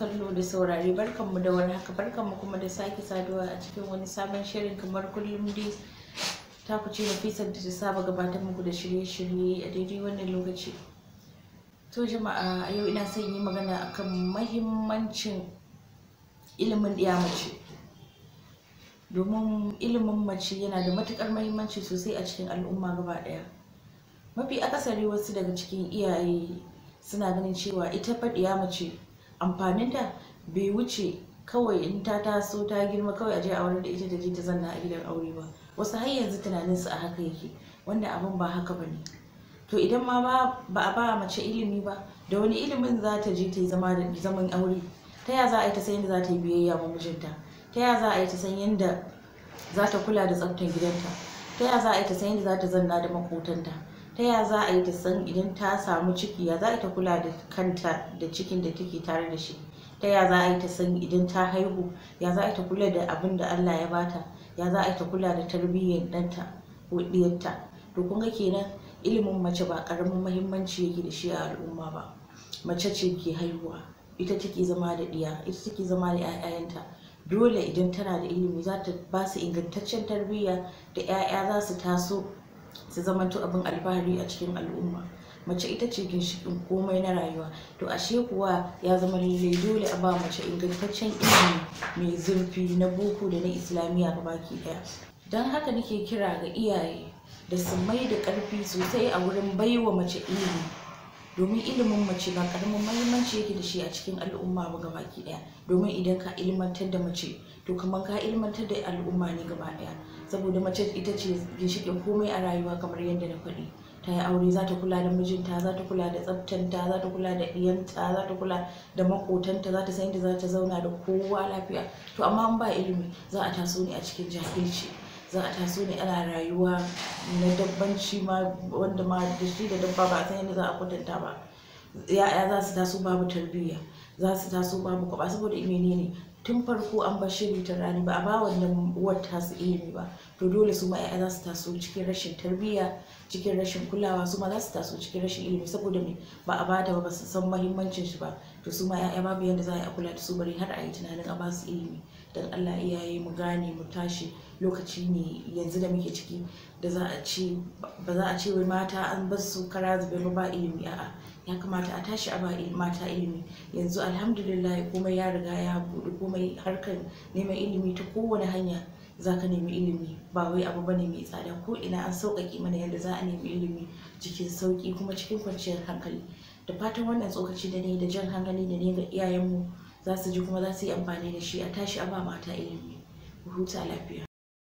kallo da saurare barkanmu da wani haka barkanmu kuma da sake saduwa a cikin wani sabon shirin kamar kullum dai ta ku ce nafisar da ta saba gabatar muku da shirye-shirye a daidai wannan lokaci to jama'a yau ina son yi magana akan mahimmancin ilimin ɗiya mace domin ilimin mace yana da matuƙar mahimmanci sosai a cikin al'umma gaba ɗaya mafi akasari wasu daga cikin iyaye suna ganin cewa ita faɗiya mace amfaninta bai wuce kawai in ta taso ta girma kawai a je a da ita ta je ta zanna a gidan aure ba wasu har yanzu tunanin su a haka yake wanda abin ba haka ba ne to idan ma ba a ba mace ilimi ba da wani ilimin za ta je ta yi zaman aure ta ya za a yi ta san yadda za ta yi biyayya ma mijinta ta ya za a yi ta san yadda za ta kula da tsaftar gidanta ta ya za a yi ta san yadda za ta zanna da makotanta ta ya za a yi ta san idan ta samu ciki ya za ta kula da kanta da cikin da take tare da shi ta ya za a yi ta san idan ta haihu ya za a ta kula da abin da Allah ya bata ya za a ta kula da tarbiyyar ɗanta ko ɗiyarta to kun ga kenan ilimin mace ba ƙaramin muhimmanci yake da shi a al'umma ba mace ce ke haihuwa ita take zama da ɗiya ita take zama da 'ya'yanta dole idan tana da ilimi za ta ba su ingantaccen tarbiyya da 'ya'ya za su taso su zamanto abin alfahari a cikin al'umma mace ita ce ginshikin komai na rayuwa to ashe kuwa ya zama lallai dole a ba mace ingantaccen ilimi mai zurfi na boko da na islamiyya ga baki ɗaya don haka nake kira ga iyaye da su mai da ƙarfi sosai a wurin baiwa mace ilimi domin ilimin mace ba karamin mahimmanci yake da shi a cikin al'umma ba gaba ki daya domin idan ka ilmantar da mace to kamar ka ilimantar da al'umma ne gaba daya saboda mace ita ce ginshiƙin komai a rayuwa kamar yadda na faɗi ta yi aure za ta kula da mijinta za ta kula da tsaftanta za ta kula da ɗiyanta za ta kula da makotanta za ta san yadda za ta zauna da kowa lafiya to amma in ba ilimi za a taso ne a cikin jahilci za a taso ne ana rayuwa na dabbanci ma wanda ma da shi da dabba ba a san yadda za a kwatanta ba ya'ya za su taso babu tarbiyya za su taso babu kwaba saboda menene tun farko an ba shiri ta rani ba a ba wannan uwar tasu ilimi ba to dole su ma'aikata za su taso cikin rashin tarbiyya cikin rashin kulawa su ma za su taso cikin rashin ilimi saboda me ba a ta ba su san mahimmancin shi ba to su ma ya'ya babu yadda za a yi a kula da su bari har a yi tunanin a ba su ilimi don Allah iyaye mu gane mu tashi lokaci ne yanzu da muke ciki da za a ce ba za a ce wai mata an basu kara zube ba ilimi a'a ya kamata a tashi a ba mata ilimi yanzu alhamdulillah komai ya riga ya buɗe komai harkar neman ilimi ta kowane hanya za ka nemi ilimi ba wai abu bane mai tsada ko ina an sauƙaƙe mana yadda za a nemi ilimi cikin sauƙi kuma cikin kwanciyar hankali da fatan wannan tsokaci da ne da jan hankali da ne ga iyayenmu za su ji kuma za su yi amfani da shi a tashi a ba mata ilimi ku huta lafiya